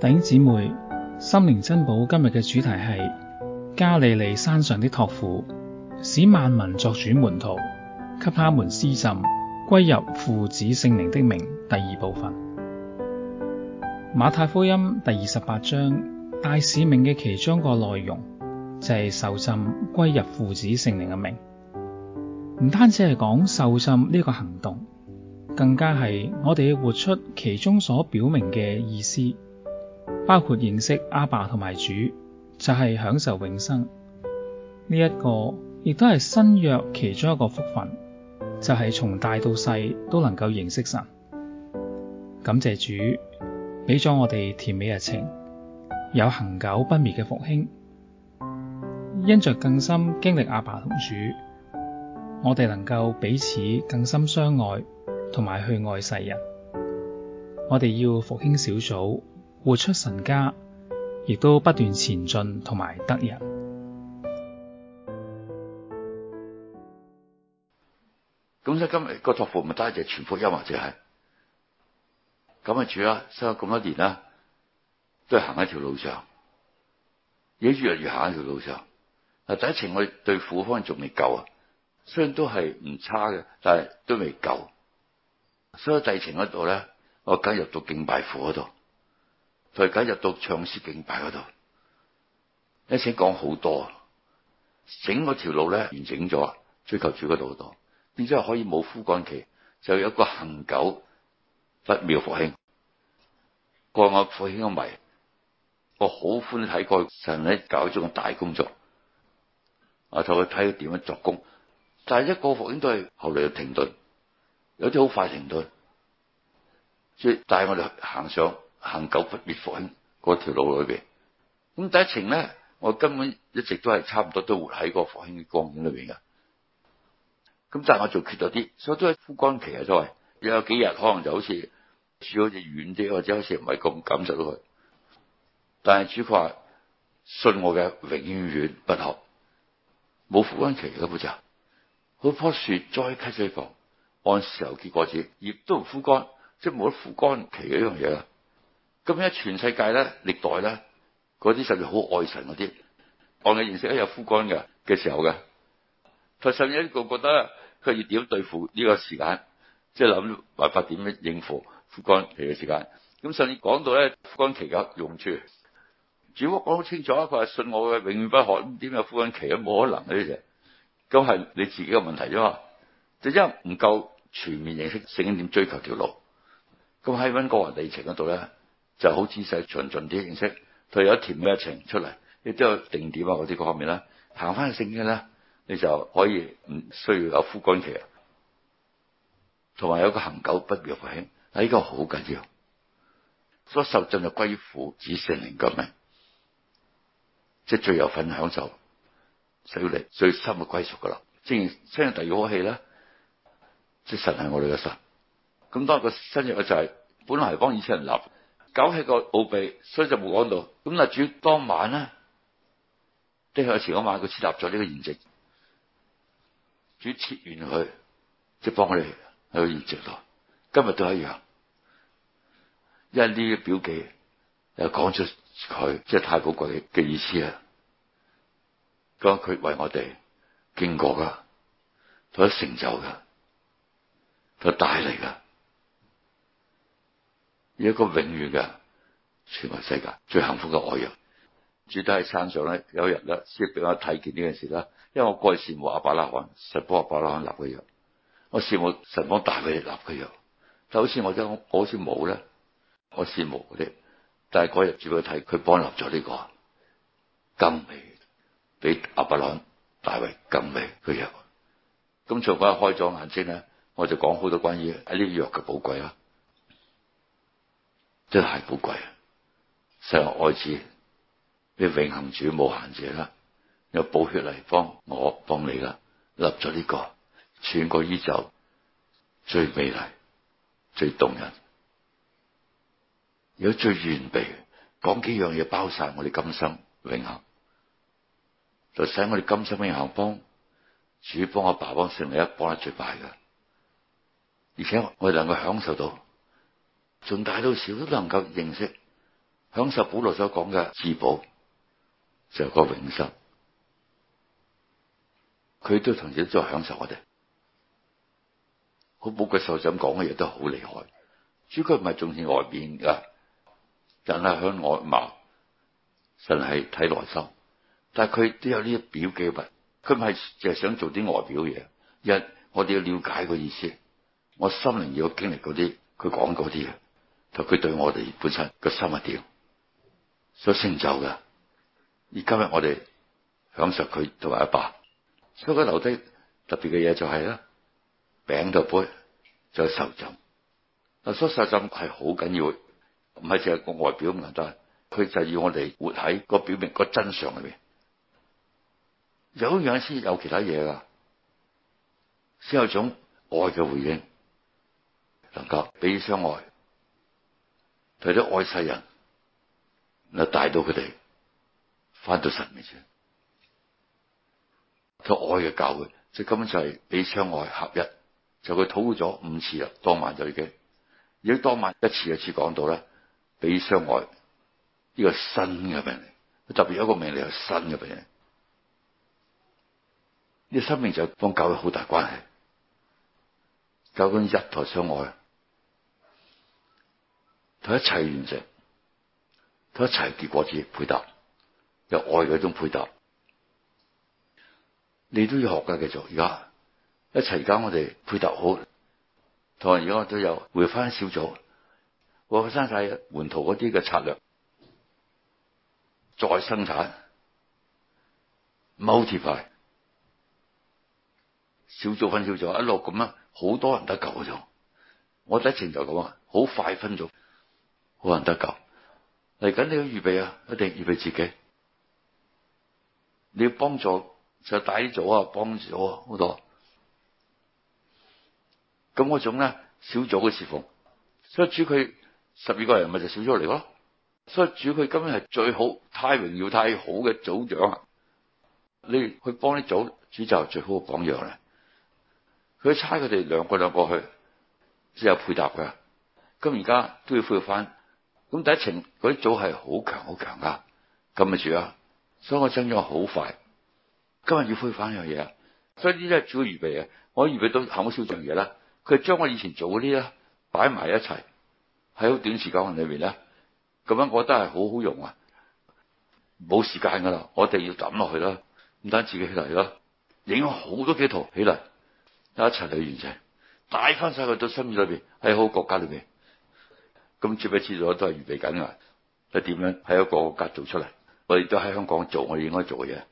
弟兄姊妹，心靈珍寶今日嘅主題係加利利山上的託付，使萬民作主門徒，給他們施浸，歸入父子聖靈的名。第二部分，馬太福音第二十八章大使命嘅其中一個內容就係、是、受浸，歸入父子聖靈嘅名。唔單止係講受浸呢個行動，更加係我哋要活出其中所表明嘅意思。包括認識阿爸同埋主，就係、是、享受永生。呢一個，亦都係新約其中一個福分，就係、是、從大到細都能夠認識神。感謝主，俾咗我哋甜美日程，有恆久不滅嘅復興，因着更深經歷阿爸同主，我哋能夠彼此更深相愛，同埋去愛世人。我哋要復興小組。活出神家，亦都不斷前進同埋得人。咁所以今日個託付唔係得，就傳福音或者係咁啊！主啦，所咗咁多年啦，都係行一條路上，而家越嚟越行一條路上。但第一程我對苦況仲未夠啊，雖然都係唔差嘅，但係都未夠。所以第二程嗰度咧，我加入到敬拜父嗰度。佢而家入到唱思競牌唱詩敬拜嗰度，一聲講好多，整個條路咧完整咗，追求住嗰度好多，變咗可以冇枯乾期，就有一個恒久不妙復興，過我的復興嘅迷，我好歡喜佢神喺搞咗個大工作，我睇佢點樣作工，但係一個復興都係後嚟就停頓，有啲好快停頓，所以帶我哋行上。行九不滅復興嗰條路裏邊，咁第一程咧，我根本一直都係差唔多都活喺個復興嘅光景裏邊噶。咁但係我仲缺咗啲，所以都係枯乾期啊。周圍有幾日，可能就好似樹好似遠啲，或者好似唔係咁感受到佢。但係主確信我嘅，永遠不渴，冇枯乾期嘅嗰隻。嗰棵樹栽喺溪水旁，按時候結果子，葉都唔枯乾，即係冇得枯乾期嘅呢樣嘢咁樣，全世界咧，歷代咧，嗰啲實在好愛神嗰啲，我嘅認識一有枯乾嘅嘅時候嘅，但甚至一個覺得佢要點對付呢個時間，即係諗辦法點樣應付枯乾期嘅時間。咁甚至講到咧枯乾期嘅用處，主僕講好清楚，佢係信我嘅，永遠不可。咁點有枯乾期啊？冇可能呢？啲嘢，咁係你自己嘅問題啫嘛。就因唔夠全面認識聖經，點追求條路，咁喺揾個人地情嗰度咧。就好似勢循循啲形式，佢有甜嘅情出嚟，亦都有定點啊嗰啲各方面啦。行翻性嘅咧，你就可以唔需要有枯乾期，同埋有個恒久不弱嘅。嗱，呢個好緊要。所以受浸就歸於父子聖靈嘅名，即係最有份享受、最你最深嘅歸屬噶啦。正深入第二口氣啦，即係神係我哋嘅神。咁當個新約嘅就係、是、本來係幫以色列人立。搞起個奧秘，所以就冇講到。咁嗱，主當晚呢啲向前嗰晚佢設立咗呢個筵席，主設完佢，即係幫我哋喺個筵席度，今日都係一樣，因為呢啲表記又講出佢即係太寶貴嘅意思啊！咁佢為我哋經過噶，佢成就噶，佢帶嚟噶。一個永遠嘅全個世界最幸福嘅愛約。主喺喺山上咧。有一日咧，先俾我睇見呢件事啦。因為我過去羨慕阿伯拉罕神幫阿伯拉罕立嘅約，我羨慕神幫大衛立嘅約。但好似我真，我好似冇咧，我羨慕嗰啲。但係嗰日住去睇，佢幫立咗呢個更美，比阿伯朗大衛更美嘅約。咁才鬼開咗眼睛咧，我就講好多關於喺呢啲約嘅寶貴啦。真係寶貴啊！神愛子，你永恆主無限者啦，有寶血嚟幫我幫你啦，立咗呢、這個全過衣袖，最美麗、最動人。如果最完美，講幾樣嘢包曬我哋今生永恆，就使我哋今生永恆幫主幫阿爸幫聖靈一幫得最快噶，而且我哋能夠享受到。從大到小都能夠認識，享受保羅所講嘅至寶，就係個永生，佢都同時都在享受我哋。好寶貴，所講嘅嘢都好厲害。主佢唔係仲視外邊嘅，人係向外貌，神係睇內心。但係佢都有呢一表記物，佢唔係淨係想做啲外表嘢。一我哋要了解個意思，我心靈要經歷嗰啲，佢講嗰啲嘢。就佢對我哋本身個心啊，點所成就嘅？而今日我哋享受佢同埋阿爸，所以留低特別嘅嘢就係、是、啦，餅同杯就受浸。啊所以受浸係好緊要，唔係淨係個外表咁簡單。佢就要我哋活喺個表面、個真相裏面，有樣先有其他嘢㗎，先有一種愛嘅回應能夠俾相愛。佢哋愛世人，又帶到佢哋翻到神面前，佢愛嘅教會，即係根本就係俾相愛合一。就佢禱咗五次啦，當晚就已經。如果當晚一次一次講到咧，俾相愛呢個新嘅命令，特別有一個命令係新嘅命令嘢，呢生命就幫教會好大關係，究竟一台相愛。佢一齊完成，佢一齊結果之配搭，有愛嘅一種配搭。你都要學嘅，繼續而家一齊間，我哋配搭好。同而家都有回翻小組，我生曬門徒嗰啲嘅策略再生產 multiply 小組，分小組一落咁樣，好多人得救咗。我之前就咁啊，好快分組。好難得救嚟緊，你要預備啊，一定要預備自己。你要幫助就帶啲組啊，幫助好多。咁嗰種咧小組嘅侍奉，所以主佢十二個人咪就小組嚟咯。所以主佢今日係最好太榮耀、太好嘅組長啊。你去幫啲組，主就係最好嘅榜樣啦。佢差佢哋兩個兩個去，之後配搭嘅。咁而家都要配合翻。咁第一程嗰啲組係好強，好強，好強噶，咪住啊！所以我增咗好快，今日要恢復翻樣嘢啊！所以呢啲係主要預備嘅，我預備到好少樣嘢啦。佢將我以前做嗰啲咧擺埋一齊，喺好短時間裏面咧，咁樣我覺得係好好用啊！冇時間噶啦，我哋要抌落去啦，唔單止起嚟啦，影好多幾套起嚟，一齊嚟完成，帶翻晒佢到心意裏面，喺好國家裏面。咁最屘知道都係預備緊㗎。係點樣喺一個國家做出嚟？我哋都喺香港做我哋應該做嘅嘢。